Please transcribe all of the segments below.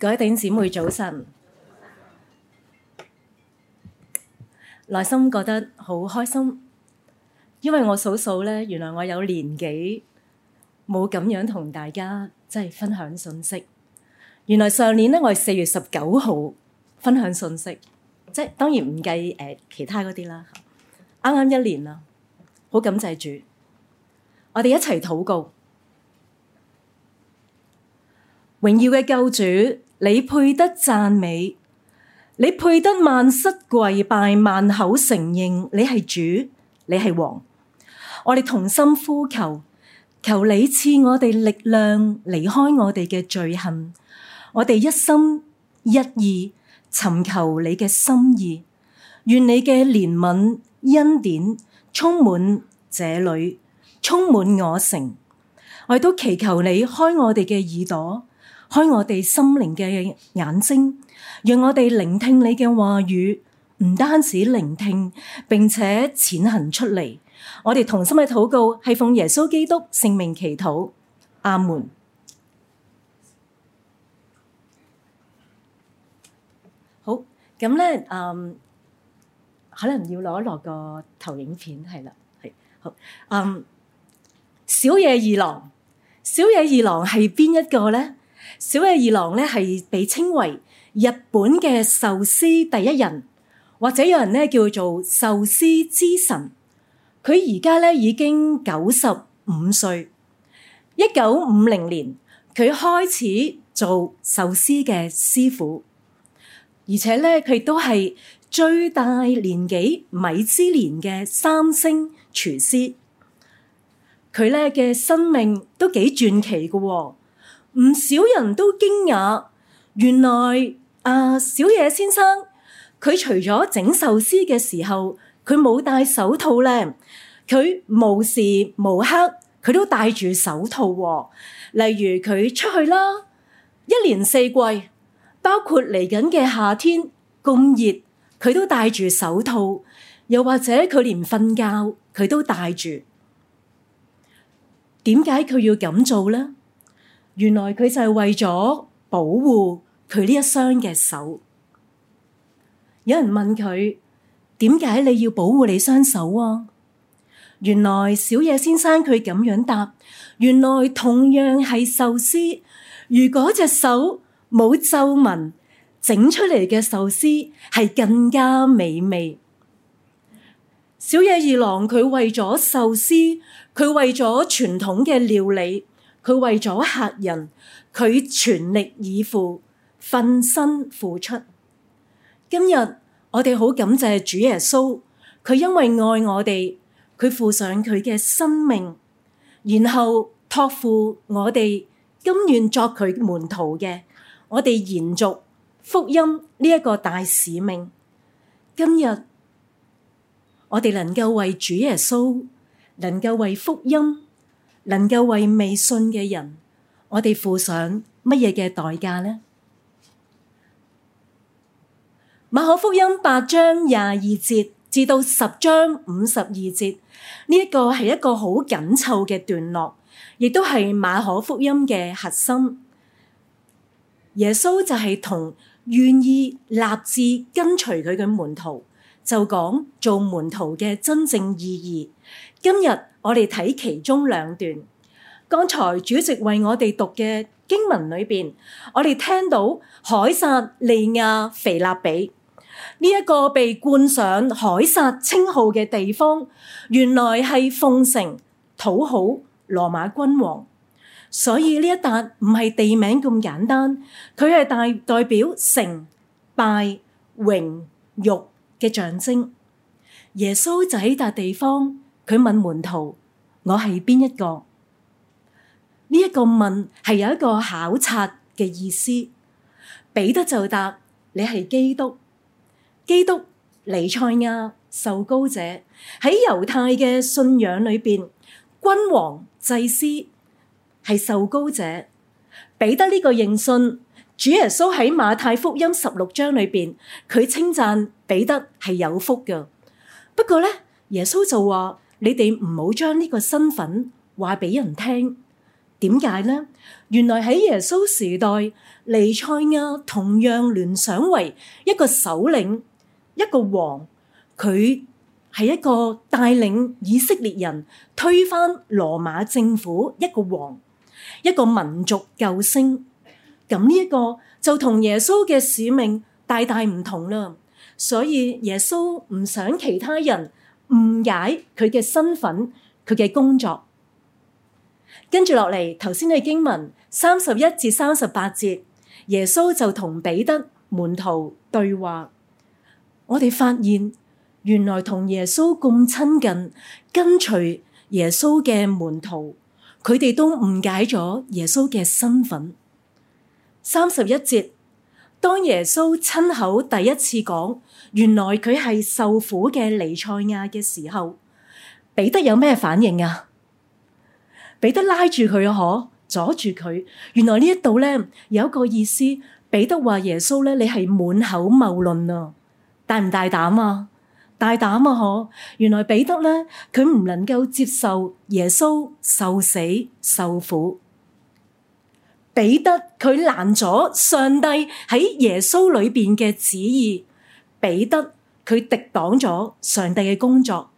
各位弟兄姊妹，早晨，內心覺得好開心，因為我數數咧，原來我有年幾冇咁樣同大家即係、就是、分享信息。原來上年咧，我係四月十九號分享信息，即係當然唔計誒其他嗰啲啦。啱啱一年啦，好感謝主，我哋一齊禱告，榮耀嘅救主。你配得讚美，你配得萬膝跪拜、萬口承認，你係主，你係王。我哋同心呼求，求你賜我哋力量，離開我哋嘅罪行。我哋一心一意尋求你嘅心意，願你嘅憐憫恩典充滿這裏，充滿我城。我亦都祈求你開我哋嘅耳朵。開我哋心靈嘅眼睛，讓我哋聆聽你嘅話語，唔單止聆聽，並且踐行出嚟。我哋同心嘅禱告係奉耶穌基督聖名祈禱，阿門。好，咁咧，嗯，可能要攞一攞個投影片係啦，係好，嗯，小野二郎，小野二郎係邊一個咧？小野二郎咧係被稱為日本嘅壽司第一人，或者有人咧叫做壽司之神。佢而家咧已經九十五歲。一九五零年，佢開始做壽司嘅師傅，而且咧佢都係最大年紀米芝蓮嘅三星廚師。佢咧嘅生命都幾傳奇嘅。唔少人都驚訝，原來啊小野先生佢除咗整壽司嘅時候，佢冇戴手套咧，佢無時無刻佢都戴住手套喎、哦。例如佢出去啦，一年四季，包括嚟緊嘅夏天咁熱，佢都戴住手套。又或者佢連瞓覺佢都戴住。點解佢要咁做咧？原來佢就係為咗保護佢呢一雙嘅手。有人問佢：點解你要保護你雙手啊？原來小野先生佢咁樣答：原來同樣係壽司，如果隻手冇皺紋，整出嚟嘅壽司係更加美味。小野二郎佢為咗壽司，佢為咗傳統嘅料理。佢為咗客人，佢全力以赴，奮身付出。今日我哋好感謝主耶穌，佢因為愛我哋，佢付上佢嘅生命，然後託付我哋甘願作佢門徒嘅。我哋延續福音呢一個大使命。今日我哋能夠為主耶穌，能夠為福音，能夠為未信嘅人，我哋付上乜嘢嘅代價呢？馬可福音八章廿二節至到十章五十二節，呢、這個、一個係一個好緊湊嘅段落，亦都係馬可福音嘅核心。耶穌就係同願意立志跟隨佢嘅門徒。就講做門徒嘅真正意義。今日我哋睇其中兩段，剛才主席為我哋讀嘅經文裏邊，我哋聽到凱撒利亞腓立比呢一個被冠上凱撒稱號嘅地方，原來係奉承討好羅馬君王，所以呢一笪唔係地名咁簡單，佢係大代表成敗榮辱.嘅象徵，耶穌就喺笪地方，佢問門徒：我係邊一個？呢一個問係有一個考察嘅意思，彼得就答，你係基督。基督彌賽亞受膏者喺猶太嘅信仰裏邊，君王祭司係受膏者，彼得呢個認信，主耶穌喺馬太福音十六章裏邊，佢稱讚。彼得係有福㗎，不過咧，耶穌就話：你哋唔好將呢個身份話俾人聽。點解呢？原來喺耶穌時代，彌賽亞同樣聯想為一個首領、一個王，佢係一個帶領以色列人推翻羅馬政府一個王、一個民族救星。咁呢一個就同耶穌嘅使命大大唔同啦。所以耶穌唔想其他人誤解佢嘅身份，佢嘅工作。跟住落嚟，頭先嘅經文三十一至三十八節，耶穌就同彼得門徒對話。我哋發現原來同耶穌咁親近、跟隨耶穌嘅門徒，佢哋都誤解咗耶穌嘅身份。三十一節，當耶穌親口第一次講。原來佢係受苦嘅彌賽亞嘅時候，彼得有咩反應啊？彼得拉住佢啊，可阻住佢。原來呢一度咧，有一個意思，彼得話耶穌咧，你係滿口謬論啊！大唔大膽啊？大膽啊！可原來彼得咧，佢唔能夠接受耶穌受死受苦。彼得佢攔咗上帝喺耶穌裏邊嘅旨意。彼得佢敵擋咗上帝嘅工作，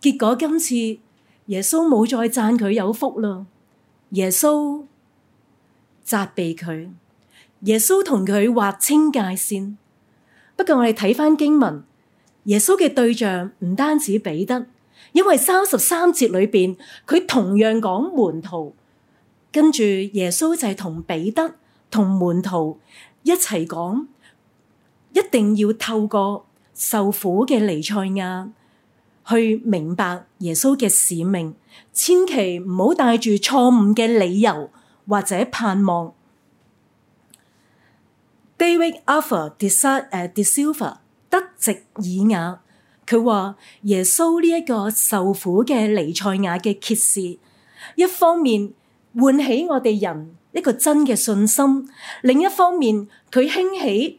結果今次耶穌冇再讚佢有福啦。耶穌責備佢，耶穌同佢劃清界線。不過我哋睇翻經文，耶穌嘅對象唔單止彼得，因為三十三節裏邊佢同樣講門徒，跟住耶穌就係同彼得同門徒一齊講。一定要透過受苦嘅彌賽亞去明白耶穌嘅使命，千祈唔好帶住錯誤嘅理由或者盼望。David Arthur De Silva 誒，De Silva 德席爾瓦，佢話耶穌呢一個受苦嘅彌賽亞嘅揭示，一方面喚起我哋人一個真嘅信心，另一方面佢興起。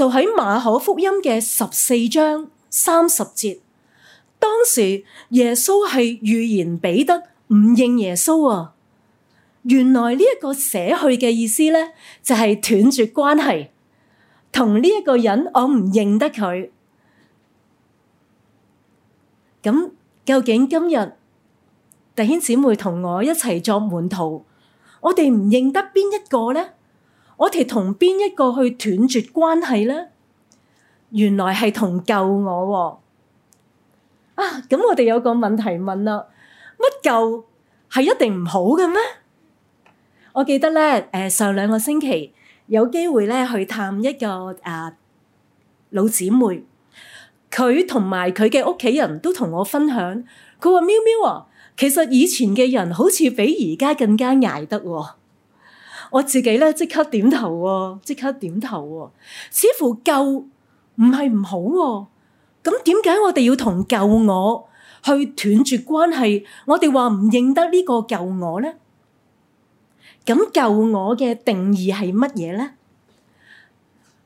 就喺馬可福音嘅十四章三十節，當時耶穌係預言彼得唔認耶穌啊。原來呢一個捨去嘅意思呢，就係斷絕關係，同呢一個人我唔認得佢。咁究竟今日弟兄姊妹同我一齊作門徒，我哋唔認得邊一個呢？我哋同邊一個去斷絕關係呢？原來係同舊我喎、哦。啊，咁我哋有個問題問啦：乜舊係一定唔好嘅咩？我記得咧，誒、呃，上兩個星期有機會咧去探一個啊、呃、老姊妹，佢同埋佢嘅屋企人都同我分享，佢話：妙妙啊，其實以前嘅人好似比而家更加捱得、哦。我自己咧即刻點頭喎、哦，即刻點頭喎、哦，似乎舊我唔係唔好喎、哦。咁點解我哋要同舊我去斷絕關係？我哋話唔認得呢個舊我呢？咁舊我嘅定義係乜嘢呢？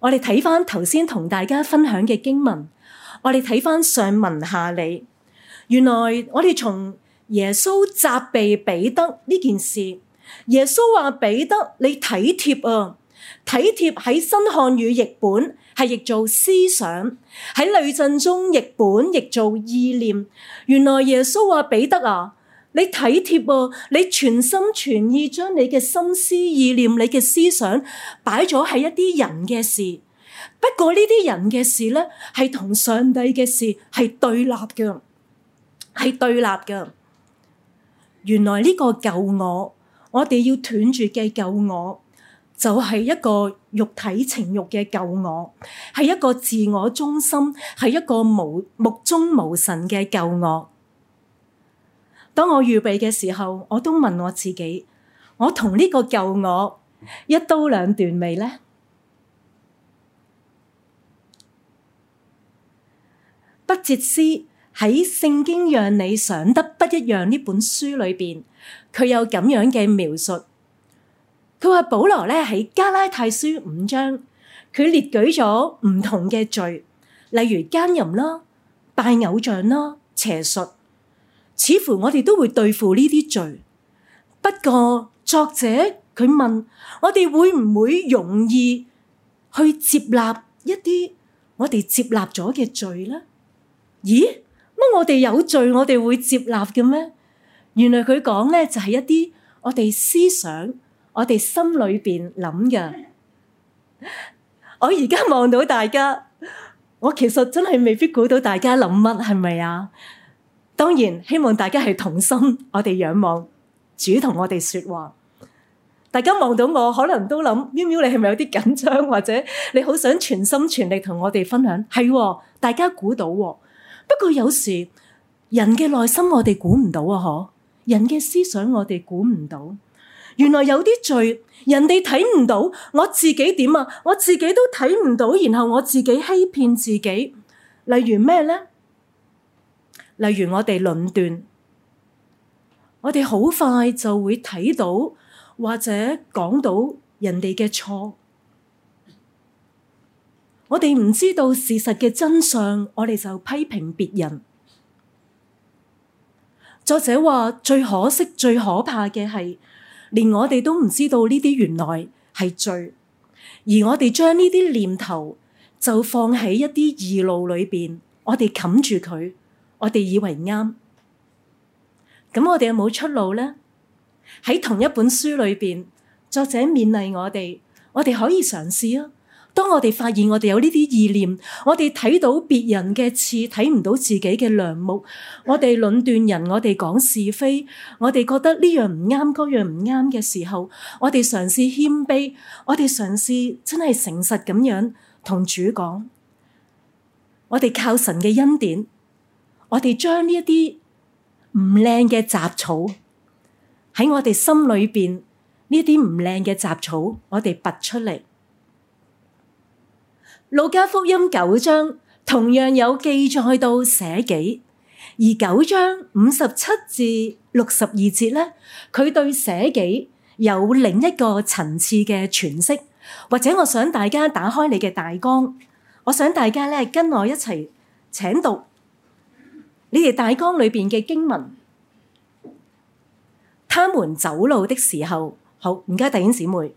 我哋睇返頭先同大家分享嘅經文，我哋睇返上文下理，原來我哋從耶穌責備彼得呢件事。耶穌話彼得，你體貼啊，體貼喺新漢語譯本係譯做思想，喺呂振中譯本譯做意念。原來耶穌話彼得啊，你體貼啊。你全心全意將你嘅心思意念，你嘅思想擺咗喺一啲人嘅事。不過呢啲人嘅事咧，係同上帝嘅事係對立嘅，係對立嘅。原來呢個舊我，我哋要斷絕嘅舊我，就係一個肉體情欲嘅舊我，係一個自我中心，係一個目中無神嘅舊我。當我預備嘅時候，我都問我自己：「我同呢個舊我一刀兩斷未呢？」畢哲思喺《聖經讓你想得不一樣》呢本書裏邊。佢有咁樣嘅描述，佢話保羅咧喺加拉太書五章，佢列舉咗唔同嘅罪，例如奸淫啦、拜偶像啦、邪術，似乎我哋都會對付呢啲罪。不過作者佢問我哋會唔會容易去接納一啲我哋接納咗嘅罪呢？咦？乜我哋有罪，我哋會接納嘅咩？原來佢講咧就係一啲我哋思想，我哋心裏邊諗嘅。我而家望到大家，我其實真係未必估到大家諗乜，係咪啊？當然希望大家係同心，我哋仰望主同我哋說話。大家望到我，可能都諗：妙濃，你係咪有啲緊張，或者你好想全心全力同我哋分享？係喎，大家估到喎。不過有時人嘅內心，我哋估唔到啊喎！嗬。人嘅思想我哋估唔到，原來有啲罪，人哋睇唔到，我自己點啊？我自己都睇唔到，然後我自己欺騙自己。例如咩咧？例如我哋論斷，我哋好快就會睇到或者講到人哋嘅錯，我哋唔知道事實嘅真相，我哋就批評別人。作者話：最可惜、最可怕嘅係，連我哋都唔知道呢啲原來係罪，而我哋將呢啲念頭就放喺一啲異路裏邊，我哋冚住佢，我哋以為啱。咁我哋有冇出路呢？喺同一本書裏邊，作者勉勵我哋，我哋可以嘗試啊！當我哋發現我哋有呢啲意念，我哋睇到別人嘅刺，睇唔到自己嘅樑木，我哋論斷人，我哋講是非，我哋覺得呢樣唔啱，嗰樣唔啱嘅時候，我哋嘗試謙卑，我哋嘗試真係誠實咁樣同主講。我哋靠神嘅恩典，我哋將呢一啲唔靚嘅雜草，喺我哋心裏邊，呢啲唔靚嘅雜草，我哋拔出嚟。《路加福音》九章同樣有記載到《捨己》，而九章五十七至六十二節咧，佢對《捨己》有另一個層次嘅詮釋。或者我想大家打開你嘅大綱，我想大家咧跟我一齊請讀你哋大綱裏邊嘅經文。他們走路的時候，好，唔該弟兄姊妹。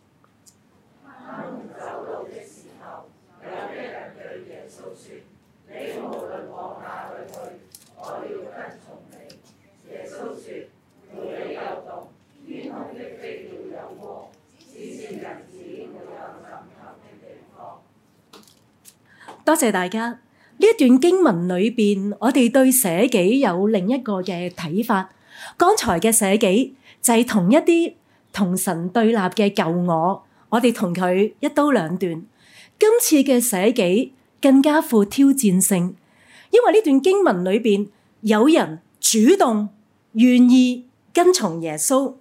多謝大家。呢一段經文裏邊，我哋對捨己有另一個嘅睇法。剛才嘅捨己就係同一啲同神對立嘅舊我，我哋同佢一刀兩斷。今次嘅捨己更加富挑戰性，因為呢段經文裏邊有人主動願意跟從耶穌，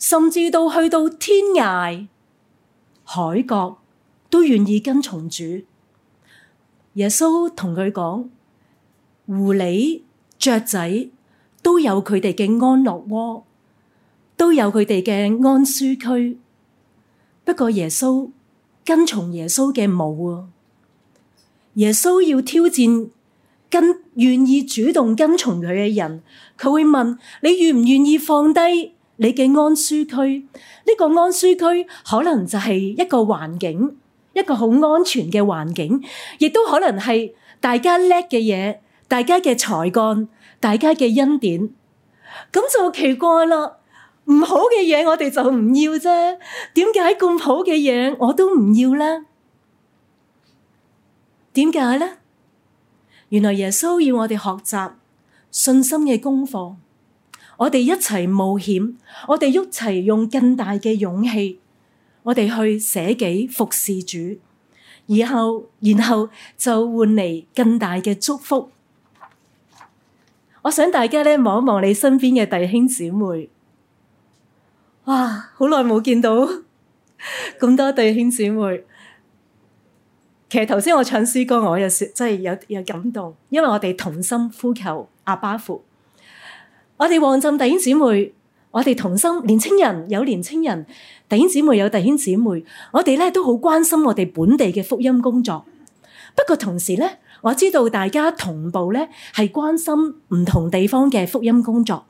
甚至到去到天涯海角都願意跟從主。耶穌同佢講，狐狸、雀仔都有佢哋嘅安樂窩，都有佢哋嘅安舒區。不過耶穌跟從耶穌嘅冇啊，耶穌要挑戰跟願意主動跟從佢嘅人，佢會問你願唔願意放低你嘅安舒區？呢個安舒區可能就係一個環境。一個好安全嘅環境，亦都可能係大家叻嘅嘢，大家嘅才幹，大家嘅恩典，咁就奇怪啦。唔好嘅嘢，我哋就唔要啫，點解咁好嘅嘢我都唔要呢？點解呢？原來耶穌要我哋學習信心嘅功課，我哋一齊冒險，我哋一齊用更大嘅勇氣。我哋去捨己服侍主，以後然後就換嚟更大嘅祝福。我想大家咧望一望你身邊嘅弟兄姊妹，哇！好耐冇見到咁多弟兄姊妹。其實頭先我唱詩歌，我有說真係有有感動，因為我哋同心呼求阿巴父。我哋黃鎮弟兄姊妹。我哋同心，年青人有年青人，弟兄姊妹有弟兄姊妹。我哋咧都好關心我哋本地嘅福音工作。不過同時咧，我知道大家同步咧係關心唔同地方嘅福音工作，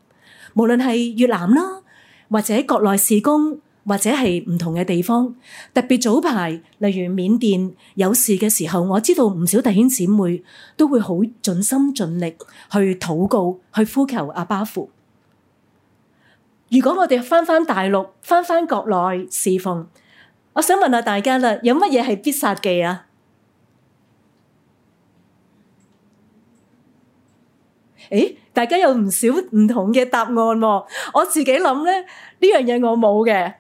無論係越南啦，或者國內事工，或者係唔同嘅地方。特別早排，例如緬甸有事嘅時候，我知道唔少弟兄姊妹都會好盡心盡力去禱告，去呼求阿爸父。如果我哋翻翻大陸，翻翻國內侍奉，我想問下大家啦，有乜嘢係必殺技啊？誒，大家有唔少唔同嘅答案喎。我自己諗咧，呢樣嘢我冇嘅，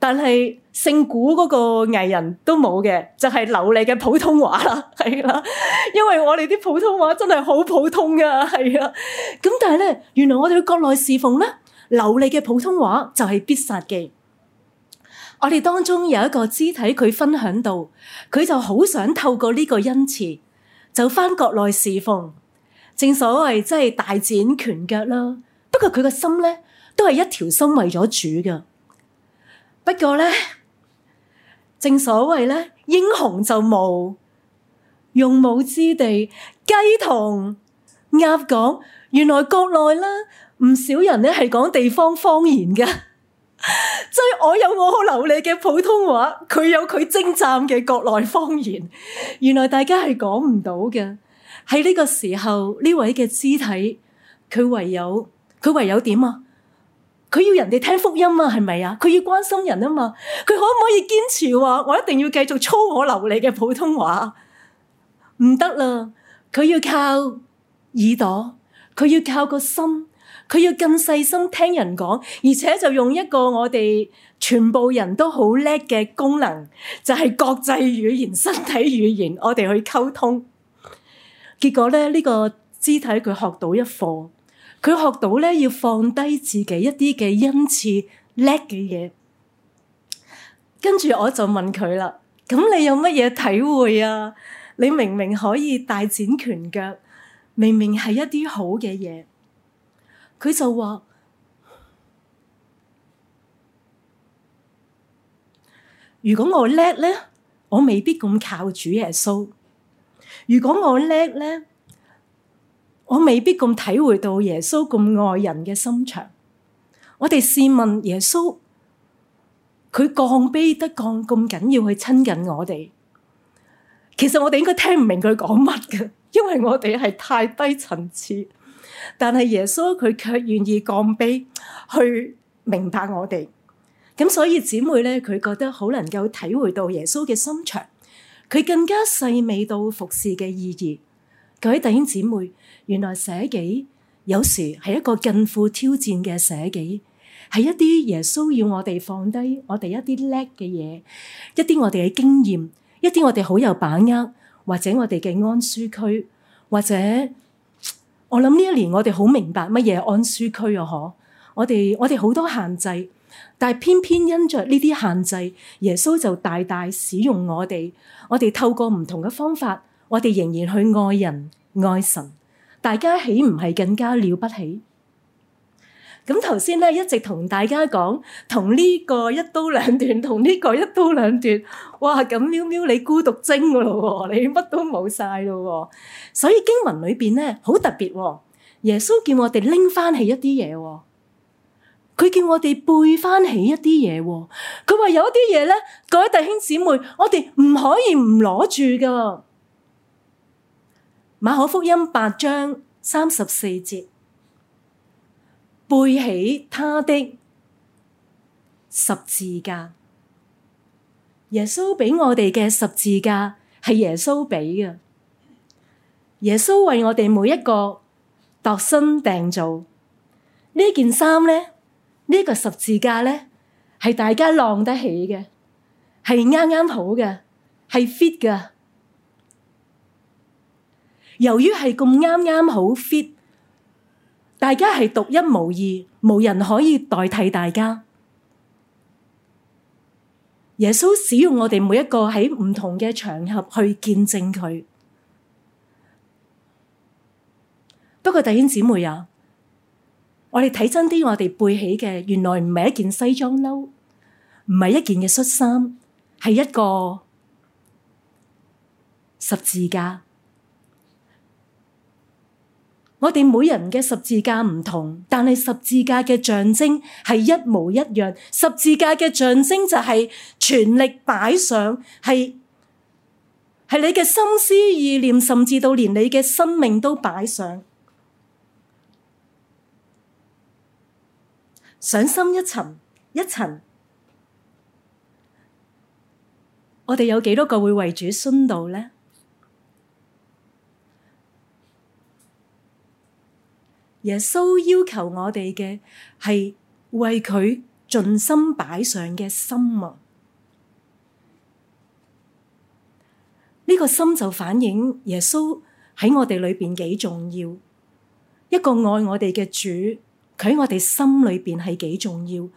但係姓古嗰個藝人都冇嘅，就係流利嘅普通話啦，係啦。因為我哋啲普通話真係好普通噶，係啊。咁但係咧，原來我哋去國內侍奉咧。流利嘅普通話就係必殺技。我哋當中有一個肢體佢分享到，佢就好想透過呢個恩賜，走返國內侍奉。正所謂即係大展拳腳啦。不過佢個心咧，都係一條心為咗主㗎。不過咧，正所謂咧，英雄就冇用武之地。雞同鴨講，原來國內啦。唔少人咧係講地方方言嘅，即係我有我好流利嘅普通話，佢有佢精湛嘅國內方言。原來大家係講唔到嘅。喺呢個時候，呢位嘅肢體，佢唯有佢唯有點啊？佢要人哋聽福音啊，係咪啊？佢要關心人啊嘛。佢可唔可以堅持話我一定要繼續操我流利嘅普通話？唔得啦，佢要靠耳朵，佢要靠個心。佢要更細心聽人講，而且就用一個我哋全部人都好叻嘅功能，就係、是、國際語言、身體語言，我哋去溝通。結果咧，呢、這個肢體佢學到一課，佢學到咧要放低自己一啲嘅恩賜叻嘅嘢。跟住我就問佢啦：咁你有乜嘢體會啊？你明明可以大展拳腳，明明係一啲好嘅嘢。佢就話：如果我叻咧，我未必咁靠主耶穌；如果我叻咧，我未必咁體會到耶穌咁愛人嘅心腸。我哋試問耶穌，佢降卑得降咁緊要去親近我哋？其實我哋應該聽唔明佢講乜㗎，因為我哋係太低層次。但係耶穌佢卻願意降卑去明白我哋，咁所以姊妹咧佢覺得好能夠體會到耶穌嘅心腸，佢更加細味到服侍嘅意義。各位弟兄姊妹，原來捨己有時係一個近乎挑戰嘅捨己，係一啲耶穌要我哋放低我哋一啲叻嘅嘢，一啲我哋嘅經驗，一啲我哋好有把握或者我哋嘅安舒區，或者。我諗呢一年我哋好明白乜嘢安舒區啊，嗬！我哋我哋好多限制，但偏偏因着呢啲限制，耶穌就大大使用我哋。我哋透過唔同嘅方法，我哋仍然去愛人愛神，大家豈唔係更加了不起？咁頭先咧，一直同大家講，同呢個一刀兩斷，同呢個一刀兩斷。哇！咁喵喵，你孤獨精咯，你乜都冇晒咯。所以經文裏邊咧，好特別。耶穌叫我哋拎翻起一啲嘢，佢叫我哋背翻起一啲嘢。佢話有一啲嘢咧，各位弟兄姊妹，我哋唔可以唔攞住噶。馬可福音八章三十四節。背起他的十字架，耶穌俾我哋嘅十字架係耶穌俾嘅。耶穌為我哋每一個度身訂做呢件衫咧，呢個十字架咧係大家晾得起嘅，係啱啱好嘅，係 fit 嘅。由於係咁啱啱好 fit。大家係獨一無二，無人可以代替大家。耶穌使用我哋每一個喺唔同嘅場合去見證佢。不過弟兄姊妹啊，我哋睇真啲，我哋背起嘅原來唔係一件西裝褸，唔係一件嘅恤衫，係一個十字架。我哋每人嘅十字架唔同，但係十字架嘅象徵係一模一樣。十字架嘅象徵就係全力擺上，係係你嘅心思意念，甚至到連你嘅生命都擺上。想深一層，一層，我哋有幾多個會為主殉道咧？耶穌要求我哋嘅係為佢盡心擺上嘅心啊！呢個心就反映耶穌喺我哋裏邊幾重要。一個愛我哋嘅主，佢喺我哋心裏邊係幾重要。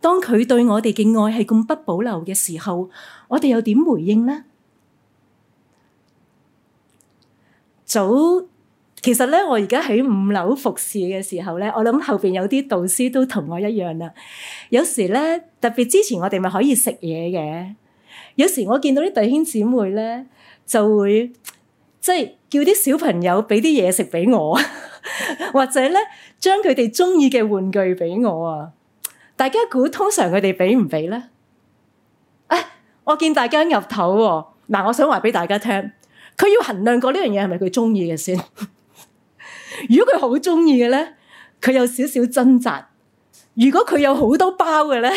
當佢對我哋嘅愛係咁不保留嘅時候，我哋又點回應呢？早。其實咧，我而家喺五樓服侍嘅時候咧，我諗後邊有啲導師都同我一樣啦。有時咧，特別之前我哋咪可以食嘢嘅。有時我見到啲弟兄姊妹咧，就會即係叫啲小朋友俾啲嘢食俾我，或者咧將佢哋中意嘅玩具俾我啊。大家估通常佢哋俾唔俾咧？啊，我見大家岌頭喎。嗱，我想話俾大家聽，佢要衡量過呢樣嘢係咪佢中意嘅先。如果佢好中意嘅咧，佢有少少掙扎；如果佢有好多包嘅咧，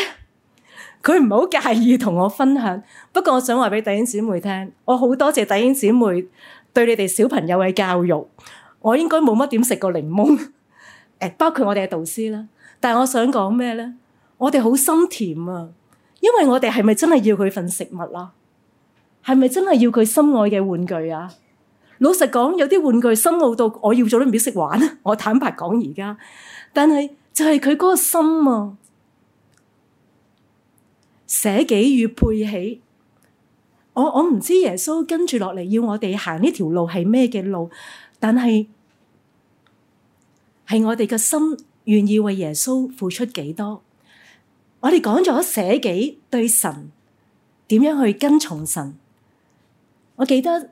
佢唔好介意同我分享。不過我想話俾弟兄姊妹聽，我好多謝弟兄姊妹對你哋小朋友嘅教育。我應該冇乜點食過檸檬，誒，包括我哋嘅導師啦。但係我想講咩咧？我哋好心甜啊，因為我哋係咪真係要佢份食物啦？係咪真係要佢心愛嘅玩具啊？老實講，有啲玩具深奧到我要做都唔識玩。我坦白講而家，但係就係佢嗰個心啊，捨己與背起。我我唔知耶穌跟住落嚟要我哋行呢條路係咩嘅路，但係係我哋嘅心願意為耶穌付出幾多。我哋講咗捨己對神點樣去跟從神。我記得。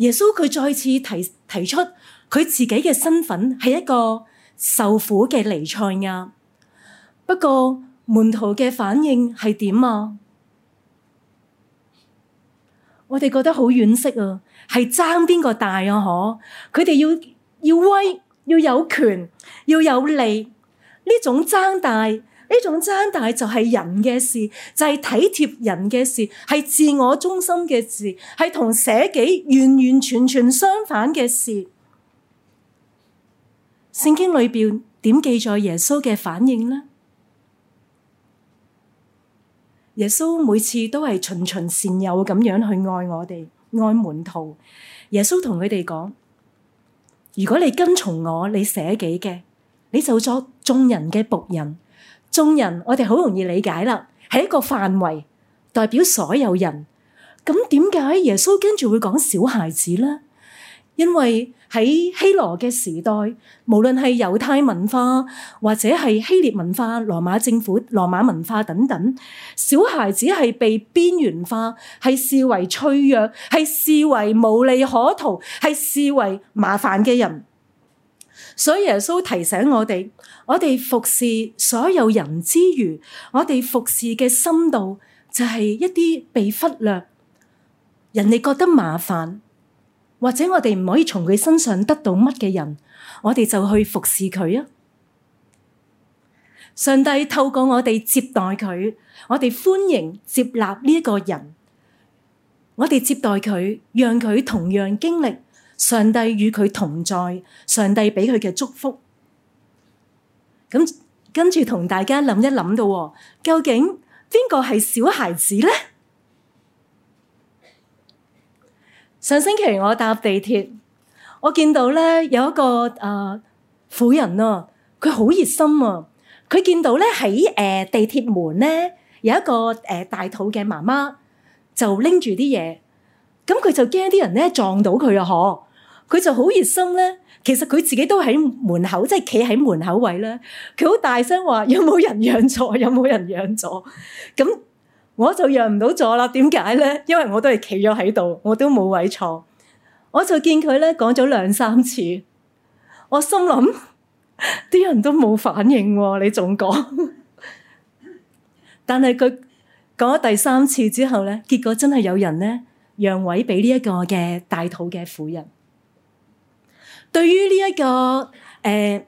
耶穌佢再次提提出佢自己嘅身份係一個受苦嘅彌賽亞，不過門徒嘅反應係點啊？我哋覺得好惋惜啊，係爭邊個大啊？可佢哋要要威要有權要有利呢種爭大。呢種爭大，但係就係人嘅事，就係體貼人嘅事，係自我中心嘅事，係同捨己完完全全相反嘅事。聖經裏邊點記載耶穌嘅反應呢？耶穌每次都係循循善誘咁樣去愛我哋，愛門徒。耶穌同佢哋講：如果你跟從我，你捨己嘅，你就作眾人嘅僕人。眾人，我哋好容易理解啦，係一個範圍代表所有人。咁點解耶穌跟住會講小孩子呢？因為喺希羅嘅時代，無論係猶太文化或者係希臘文化、羅馬政府、羅馬文化等等，小孩子係被邊緣化，係視為脆弱，係視為無利可圖，係視為麻煩嘅人。所以耶穌提醒我哋，我哋服侍所有人之餘，我哋服侍嘅深度就係一啲被忽略、人哋覺得麻煩或者我哋唔可以從佢身上得到乜嘅人，我哋就去服侍佢啊！上帝透過我哋接待佢，我哋歡迎接納呢一個人，我哋接待佢，讓佢同樣經歷。上帝與佢同在，上帝俾佢嘅祝福。咁跟住同大家諗一諗到，究竟邊個係小孩子咧？上星期我搭地鐵，我見到咧有一個誒、呃、婦人啊，佢好熱心啊。佢見到咧喺誒地鐵門咧有一個誒、呃、大肚嘅媽媽，就拎住啲嘢，咁佢就驚啲人咧撞到佢啊！可佢就好熱心咧，其實佢自己都喺門口，即係企喺門口位咧。佢好大聲話：有冇人讓座？有冇人讓座？咁 我就讓唔到座啦。點解咧？因為我都係企咗喺度，我都冇位坐。我就見佢咧講咗兩三次，我心諗啲 人都冇反應喎、啊，你仲講？ 但係佢講咗第三次之後咧，結果真係有人咧讓位俾呢一個嘅大肚嘅婦人。對於呢一個誒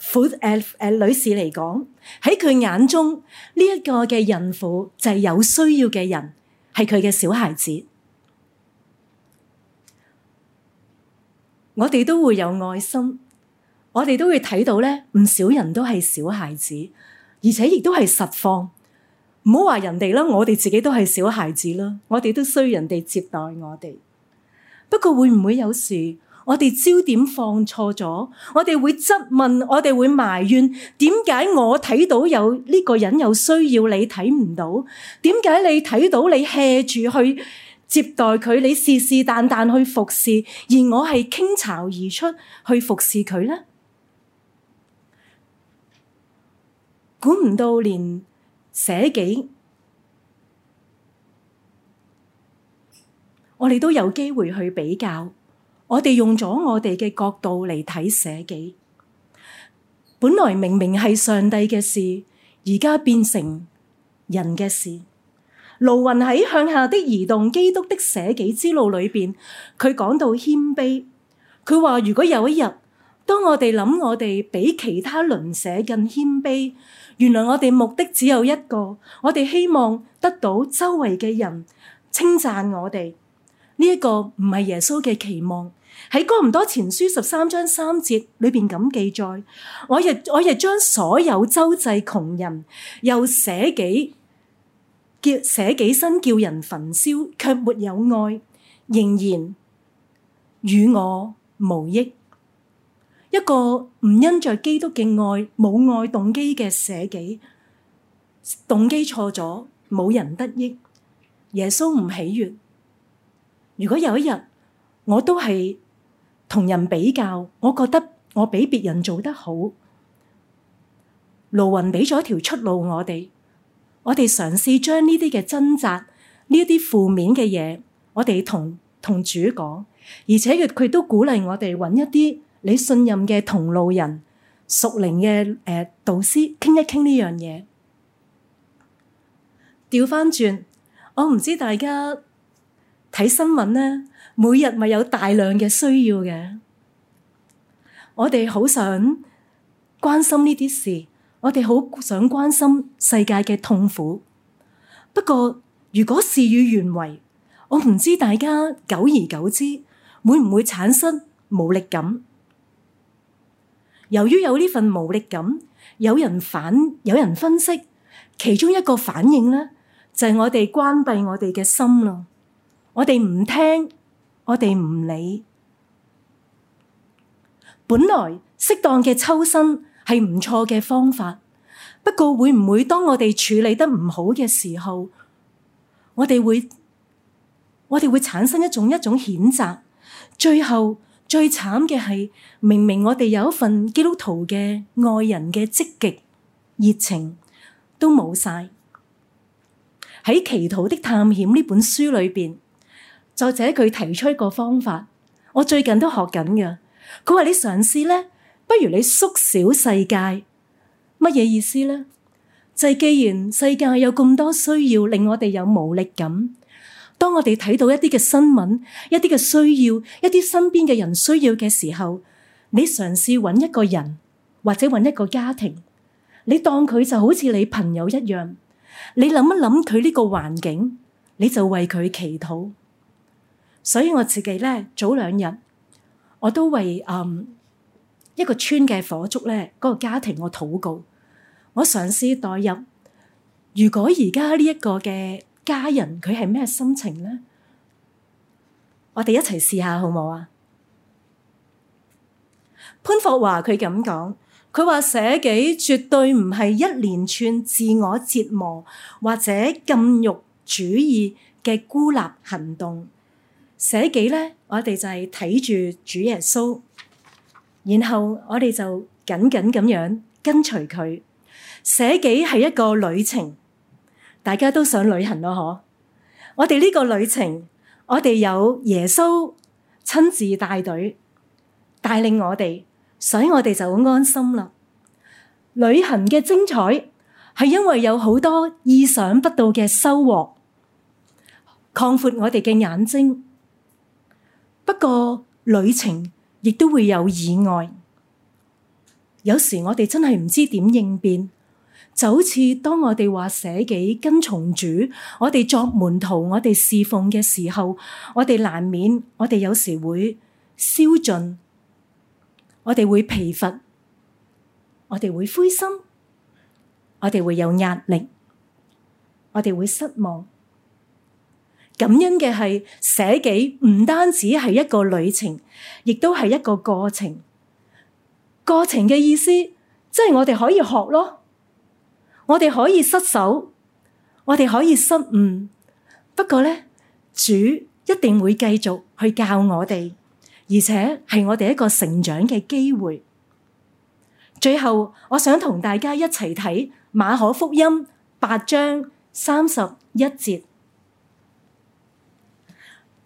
婦誒誒女士嚟講，喺佢眼中呢一個嘅孕婦就係有需要嘅人，係佢嘅小孩子。我哋都會有愛心，我哋都會睇到咧，唔少人都係小孩子，而且亦都係實況。唔好話人哋啦，我哋自己都係小孩子啦，我哋都需要人哋接待我哋。不過會唔會有時？我哋焦點放錯咗，我哋會質問，我哋會埋怨，點解我睇到有呢個人有需要，你睇唔到？點解你睇到你 hea 住去接待佢，你是是旦旦去服侍，而我係傾巢而出去服侍佢呢？估唔到連捨己，我哋都有機會去比較。我哋用咗我哋嘅角度嚟睇捨己，本來明明係上帝嘅事，而家變成人嘅事。盧雲喺向下的移動基督的捨己之路裏邊，佢講到謙卑。佢話如果有一日，當我哋諗我哋比其他鄰舍更謙卑，原來我哋目的只有一個，我哋希望得到周圍嘅人稱讚我哋。呢一個唔係耶穌嘅期望。喺《哥唔多前書》十三章三節裏邊咁記載，我亦我亦將所有周濟窮人又捨己叫捨己身叫人焚燒，卻沒有愛，仍然與我無益。一個唔因着基督嘅愛冇愛動機嘅捨己，動機錯咗，冇人得益，耶穌唔喜悅。如果有一日。我都係同人比較，我覺得我比別人做得好。盧雲畀咗一條出路我哋，我哋嘗試將呢啲嘅掙扎，呢一啲負面嘅嘢，我哋同同主講，而且佢都鼓勵我哋揾一啲你信任嘅同路人、屬靈嘅誒導師傾一傾呢樣嘢。調返轉，我唔知大家睇新聞咧。每日咪有大量嘅需要嘅，我哋好想關心呢啲事，我哋好想關心世界嘅痛苦。不過如果事與願違，我唔知大家久而久之會唔會產生無力感。由於有呢份無力感，有人反，有人分析，其中一個反應呢，就係我哋關閉我哋嘅心咯，我哋唔聽。我哋唔理，本來適當嘅抽身係唔錯嘅方法，不過會唔會當我哋處理得唔好嘅時候，我哋會，我哋會產生一種一種譴責，最後最慘嘅係，明明我哋有一份基督徒嘅愛人嘅積極熱情都冇晒，喺《祈禱的探險》呢本書裏邊。作者佢提出一個方法，我最近都學緊嘅。佢話你嘗試咧，不如你縮小世界，乜嘢意思咧？就係，既然世界有咁多需要，令我哋有無力感。當我哋睇到一啲嘅新聞、一啲嘅需要、一啲身邊嘅人需要嘅時候，你嘗試揾一個人或者揾一個家庭，你當佢就好似你朋友一樣，你諗一諗佢呢個環境，你就為佢祈禱。所以我自己咧，早兩日我都為嗯、um, 一個村嘅火燭咧，嗰個家庭我禱告。我嘗試代入，如果而家呢一個嘅家人佢係咩心情咧？我哋一齊試下好唔好啊！潘霍華佢咁講，佢話捨己絕對唔係一連串自我折磨或者禁欲主義嘅孤立行動。捨己咧，我哋就係睇住主耶穌，然後我哋就緊緊咁樣跟隨佢。捨己係一個旅程，大家都想旅行咯嗬。我哋呢個旅程，我哋有耶穌親自帶隊，帶領我哋，所以我哋就好安心啦。旅行嘅精彩係因為有好多意想不到嘅收穫，擴闊我哋嘅眼睛。不過旅程亦都會有意外，有時我哋真係唔知點應變，就好似當我哋話捨己跟從主，我哋作門徒，我哋侍奉嘅時候，我哋難免我哋有時會燒盡，我哋會疲乏，我哋會灰心，我哋會有壓力，我哋會失望。感恩嘅係寫記唔單止係一個旅程，亦都係一個過程。過程嘅意思，即係我哋可以學咯，我哋可以失手，我哋可以失誤。不過咧，主一定會繼續去教我哋，而且係我哋一個成長嘅機會。最後，我想同大家一齊睇馬可福音八章三十一節。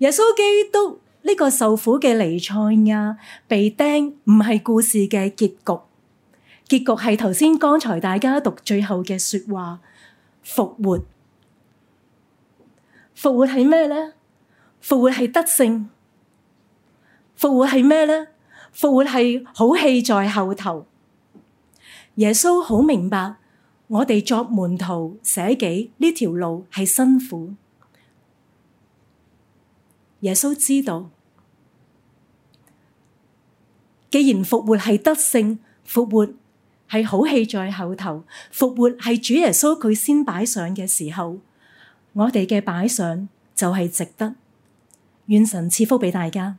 耶穌基督呢、這個受苦嘅彌賽亞被釘，唔係故事嘅結局。結局係頭先剛才大家讀最後嘅說話復活。復活係咩呢？復「復活係得勝。復活係咩呢？「復活係好戲在後頭。耶穌好明白，我哋作門徒捨己呢條路係辛苦。耶穌知道，既然復活係得勝，復活係好戲在後頭，復活係主耶穌佢先擺上嘅時候，我哋嘅擺上就係值得，願神賜福俾大家。